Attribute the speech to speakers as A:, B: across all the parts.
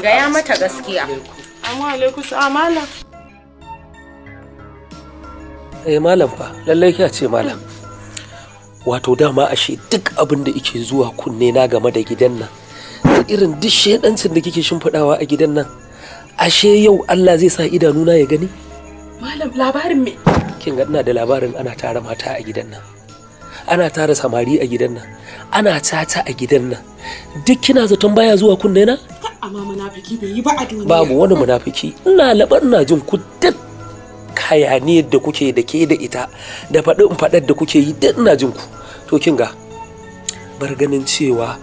A: Gaya mata gaskiya. Amma
B: Eh malam fa, lallai kya ce malam. Wato dama ashe duk abin da ike zuwa kunne na game da gidan nan. irin duk shedancin da kike shimfiɗawa a gidan nan. Ashe yau Allah zai sa idanuna ya gani?
A: Malam labarin me?
B: Kin ga ina da labarin ana tara mata a gidan nan. ana tara samari a gidan nan ana caca a gidan nan duk kina zaton baya zuwa kunne na
A: amma munafiki bai yi ba a duniya babu wani
B: munafiki ina labar ina jin ku duk kayaniyar da kuke da ke da ita da faɗi in faɗar da kuke yi duk ina jin ku to kin ga bar ganin cewa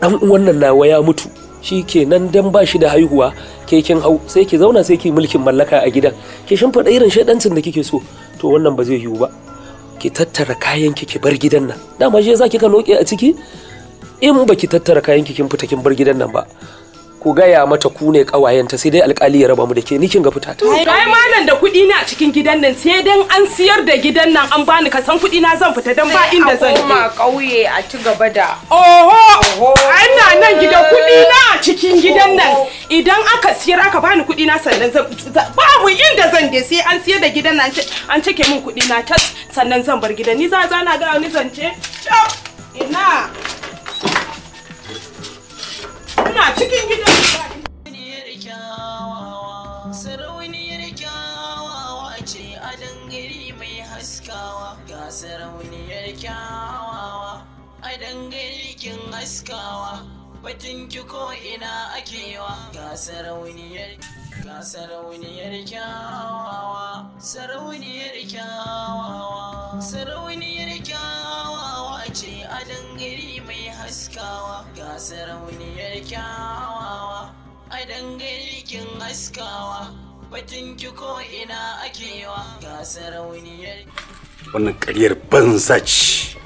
B: dan uwan nan nawa ya mutu shi ke nan dan ba shi da haihuwa ke kin hau sai ki zauna sai ki mulkin mallaka a gidan ki faɗa irin shaidancin da kike so to wannan ba zai yiwu ba ki tattara kayan ki ki bar gidan nan dama shi yasa kika noke a ciki in baki tattara kayan ki kin fita kin bar gidan nan ba ku gaya mata ku ne kawayenta sai dai alkali ya raba mu da ke nikin ga fitata.
A: Ai malam da kuɗi ne a cikin gidan nan sai dan an siyar da gidan nan an bani ka san kuɗi na zan fita dan ba inda zan je. Sai a ƙauye a ci gaba da. Oho! ina nan gidan kuɗi na a cikin gidan nan idan aka siyar aka bani kuɗi na sannan zan mu inda zan je sai an siyar da gidan nan an cike min kuɗi na tas sannan zan bar gidan ni za na ga zan zance. Ina. muna
C: cikin gidan sarauniyar kyawawa ce a dangare mai haskawa ga sarauniyar kyawawa a dangare kin haskawa batun ki ko ina akewa ga sarauniyar ga sarauniyar kyawawa sarauniyar kyawawa sarauniyar kyawawa ce a dangare mai haskawa ga sarauniyar kyawawa a dangare kin haskawa batun
D: ki ko ina akewa ga sarauniyar wannan kariyar banza ce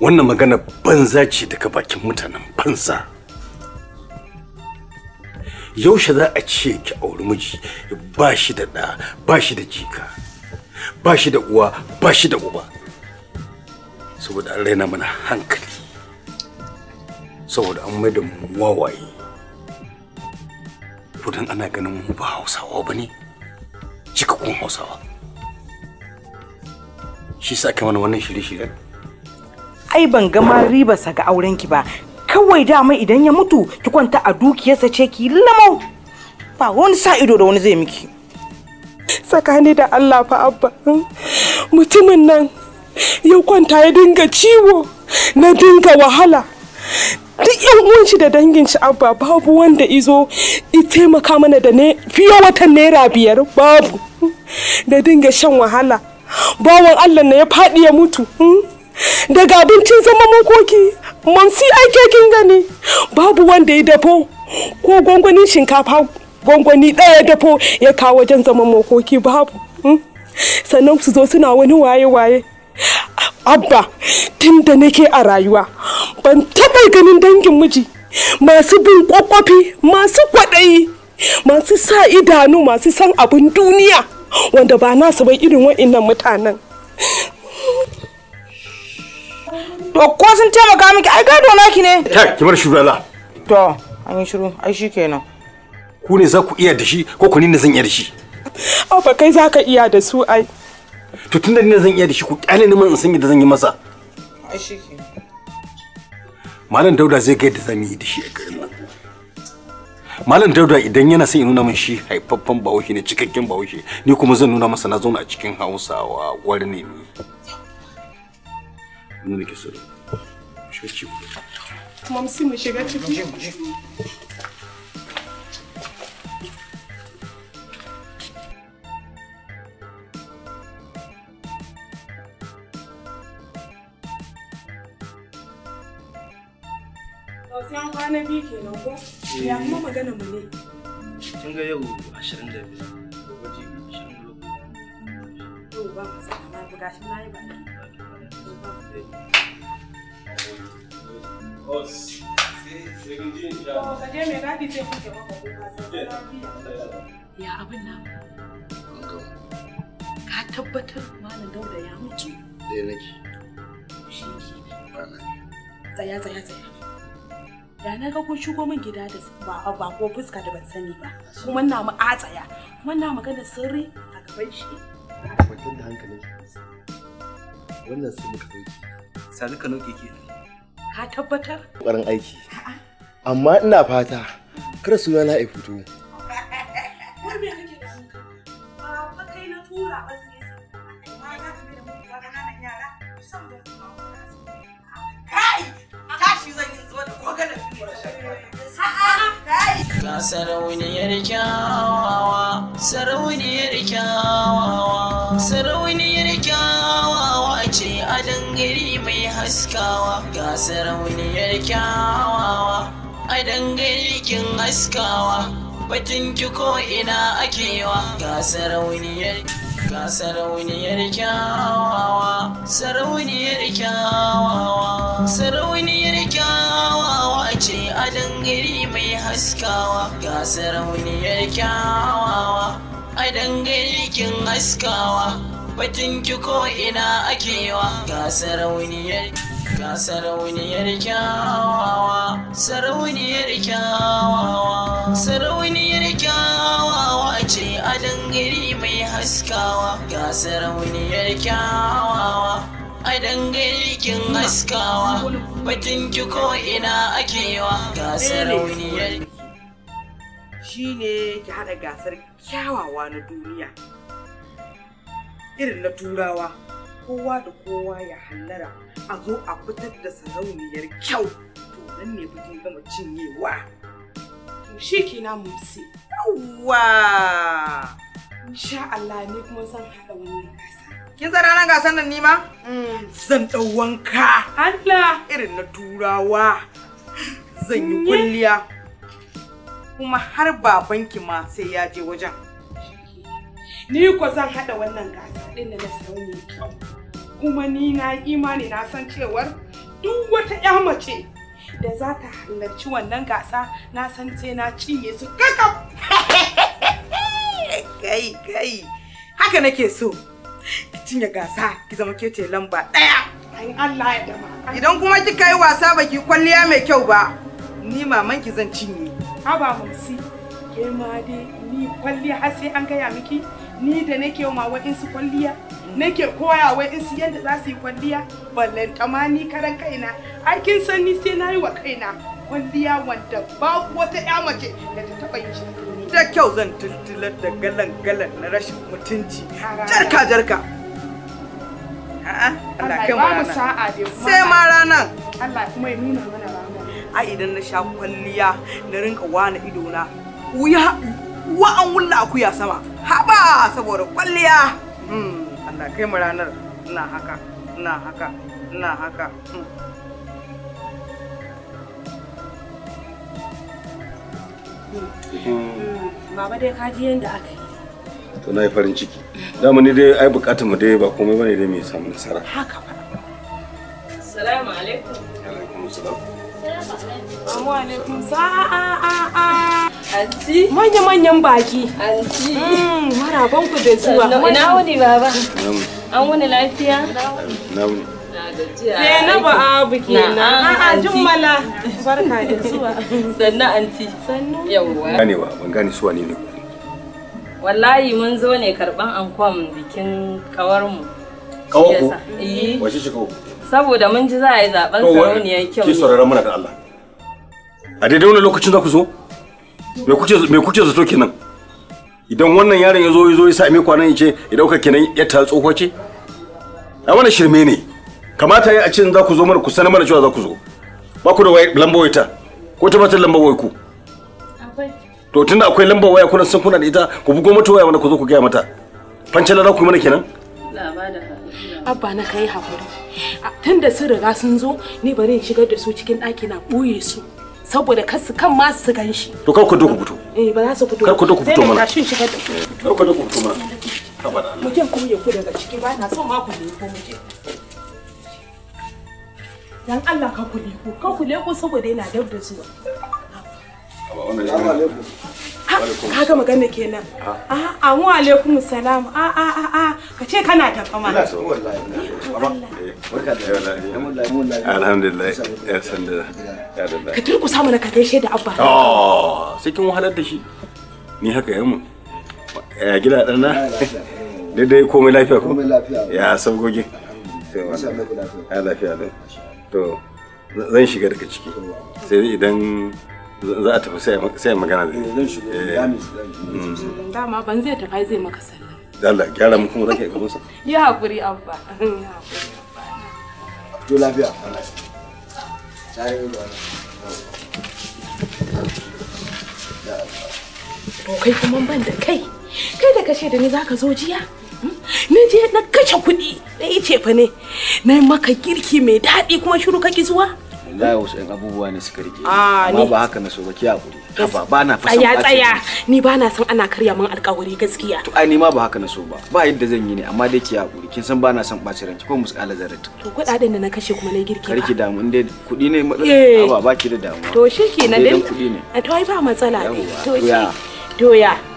D: wannan magana banza ce daga bakin mutanen banza yaushe za a ce ki auri miji ba shi da ɗa ba shi da jika ba shi da uwa ba shi da uba saboda an raina mana hankali saboda an mai da mu wawaye kudan ana ganin mu ba hausawa ba ne cikakkun hausawa shi sa aka mana wannan shirye-shiryen
A: ai ban ga ma ribarsa ga aurenki ba kawai dama idan ya mutu ki kwanta a dukiyarsa ce ki lamau ba wani sa ido da wani zai miki tsakani da Allah fa abba mutumin nan ya kwanta ya dinga ciwo na dinga wahala duk yan uwan shi da dangin shi abba babu wanda izo i taimaka mana da ne fiye watan naira biyar babu da dinga shan wahala bawan allah na ya faɗi ya mutu daga abincin zama makoki mansi ake kin gani babu wanda ya dafo ko gwangwanin shinkafa gwangwani ɗaya dafo ya kawo wajen zama makoki babu sannan su zo suna wani waye-waye abba tun da nake a rayuwa ban taɓa ganin dangin miji masu bin kwakwafi masu kwaɗayi masu sa idanu masu san abin duniya wanda ba nasu bai irin wa'innan mutanen to ko sun taimaka miki ai gado naki ne ta
D: shi shurala
A: to an yi shiru ai shi kenan
D: ku ne za ku iya da shi ko ku ne zan iya da shi
A: abba kai za ka iya da su ai to tunda ni zan iya da shi ku kyale ni
D: man in san yadda zan yi masa malam dauda zai ga yadda zan yi da shi a garin nan malam dauda idan yana son ya nuna min shi haifaffen bahaushe ne cikakken bahaushe ni kuma zan nuna masa na zauna a cikin hausawa gwar ne ni ke so shi
A: kuma mu shiga ciki unguwa eh. ya kuma magana mu ne kin ga yau 25 gobe ji to ba na na yi ba Os, eh. Ya abin Ka tabbatar malam Dauda ya mutu? Eh, nake. Shi ke. Tsaya tsaya tsaya. da na ga kun shigo min gida da ba ba ko fuska da ban sani ba kuma na mu atsaya kuma na magana sirri a gaban shi
B: kwantar da hankalin wannan su muka dauki sani ka nauke ke
A: ka tabbatar
D: ƙoƙarin aiki amma ina fata kar suna na ya fito
C: sarauniyar kyawawa sarauniyar kyawawa sarauniyar kyawawa ce a dangare mai haskawa ga sarauniyar kyawawa a dangare kin haskawa batun ki ko ina akewa ga sarauniyar ga sarauniyar kyawawa sarauniyar kyawawa sarauniyar kyawawa ce a dangare haskawa ga sarauniyar kyawawa a dangane yakin haskawa batun ki ko ina akewa ga sarauniyar ga sarauniyar kyawawa sarauniyar kyawawa sarauniyar kyawawa ce a dangare mai haskawa ga sarauniyar kyawawa a dangane kin haskawa Batun ki ko ina ake wa gasar rauniyar shi ne
A: ki haɗa gasar
C: kyawawa
A: na duniya irin na turawa kowa da kowa ya hallara a zo a fitar da sarauniyar kyau to nan ne bikin gama cinyewa shi ke na mumsi yawwa insha Allah ne kuma san haɗa wani gasa kin san ranar gasar nan nima mm. zan ɗau wanka Allah irin na turawa zan yi kulliya kuma har babanki ma sai ya je wajen ni ko zan haɗa wannan gasa ɗin na sauye kuma ni na imani na san cewar duk wata ƴa mace da za ta halarci wannan gasa na san sai na cinye su kaka kai kai haka nake so ki cinye gasa ki zama ke ce lamba ɗaya an Allah ya dama Idan kuma kika yi wasa baki kwalliya mai kyau ba, ni maman ki zan cinye. Haba mamsi, ke ma dai ni kwalliya har sai an gaya miki, ni da nake ma su kwalliya, nake koya su yadda za su yi kwalliya, ballan tama ni karan kaina, ai kin san ni sai na yi wa kaina kwalliya wanda ba wata ya mace da ta taba yi Da kyau zan tuntular da galan-galan na rashin mutunci. Jarka-jarka. A'a, Allah kai mu sa'a dai kuma. Sai ma ranan. Allah ranar. Ai idan na sha kwalliya na rinka wana ido na. Wuya wa an wulla akuya sama. Haba saboda kwalliya. Hmm, Allah kai mu ranar. Ina haka, ina haka, ina haka. Hmm. Hmm. Baba dai ka ji yadda aka yi.
D: to na yi farin ciki dama ni dai ai bukatar mu dai ba komai bane dai mai samu nasara haka fa
A: assalamu alaikum wa alaikum assalam assalamu alaikum a a anti manya manyan baki anti mm, maraban ku da zuwa ina wuni baba an wuni lafiya na wuni
C: Zainabu Abu kenan. A'a Jummala
A: barka da zuwa. Sannan anti. Sannan. Yawwa.
D: Ganewa ban gane suwa ne ne.
A: wallahi mun zo ne karban ankon bikin kawarmu kawarku eh. wace shi ko. saboda mun ji za a yi zaben sarauniyar kyau ki sauraron
D: mana da Allah a daidai wani lokacin za ku zo me kuke me kuke zato kenan idan wannan yaron ya zo ya zo ya same ku nan ya ce ya dauka kenan ya ta tsoho ce a wannan shirme ne kamata yi a cikin za ku zo mana ku sanar mana cewa za ku zo ba ku da lambar waita ko tabbatar lambar wai ku to tunda akwai lambar waya kuna sun kuna da ita ku bugo mata waya wanda ku zo ku gaya mata fancala za ku mana kenan
A: abba na kai hakuri tunda sun riga sun zo ni bari in shigar da su cikin ɗaki na ɓoye su saboda kar su kan ma su gan shi
D: to kar ku doku fito
A: eh ba za su fito kar ku doku fito mana sai shigar da
D: kar ku doku fito
A: mana mu je ku ku daga ciki ba na so ma ku ne ko mu dan Allah ka ku leko ka ku leko saboda yana dab da zuwa ka ga magana kenan a mu alaikum salam a a a a ka ce kana da fama ina so
D: wallahi da alhamdulillah ya sanda mana
A: ka kai da abba
D: ah, sai kin wahalar da shi ni haka yamu ya gida dan na daidai komai lafiya ko ya sabgoge ya lafiya to zan shiga daga ciki sai idan za a tafi sai magana da eh, zan shigo eh. da mm.
A: dama ban zai tafi zai maka sallah
D: Allah gyara mu kuma zaka gaban sa
A: ya hakuri abba ya hakuri abba
D: to lafiya sai ruwa
A: to kai kuma ban da kai kai da kashe da ni zaka zo jiya hmm? na je na kashe kuɗi na yi cefa ne na yi maka girki mai daɗi kuma shiru ka kaki zuwa
D: wallahi wasu yan abubuwa ne suka rike ah, amma ba haka na so a ki haba ba na fasa tsaya tsaya
A: ni ba na son ana karya min alƙawari gaskiya
D: to ai ni ma ba haka na so ba ba yadda zan yi ne amma dai ki hakuri kin san ba na son ɓacin ranki ko musƙala zarat
A: to kuɗaɗen da na kashe kuma na girki karki
D: damu in dai kuɗi ne matsala eh. ba ba ki da damu
A: to shi kenan dai ne to ai ba matsala to shi doya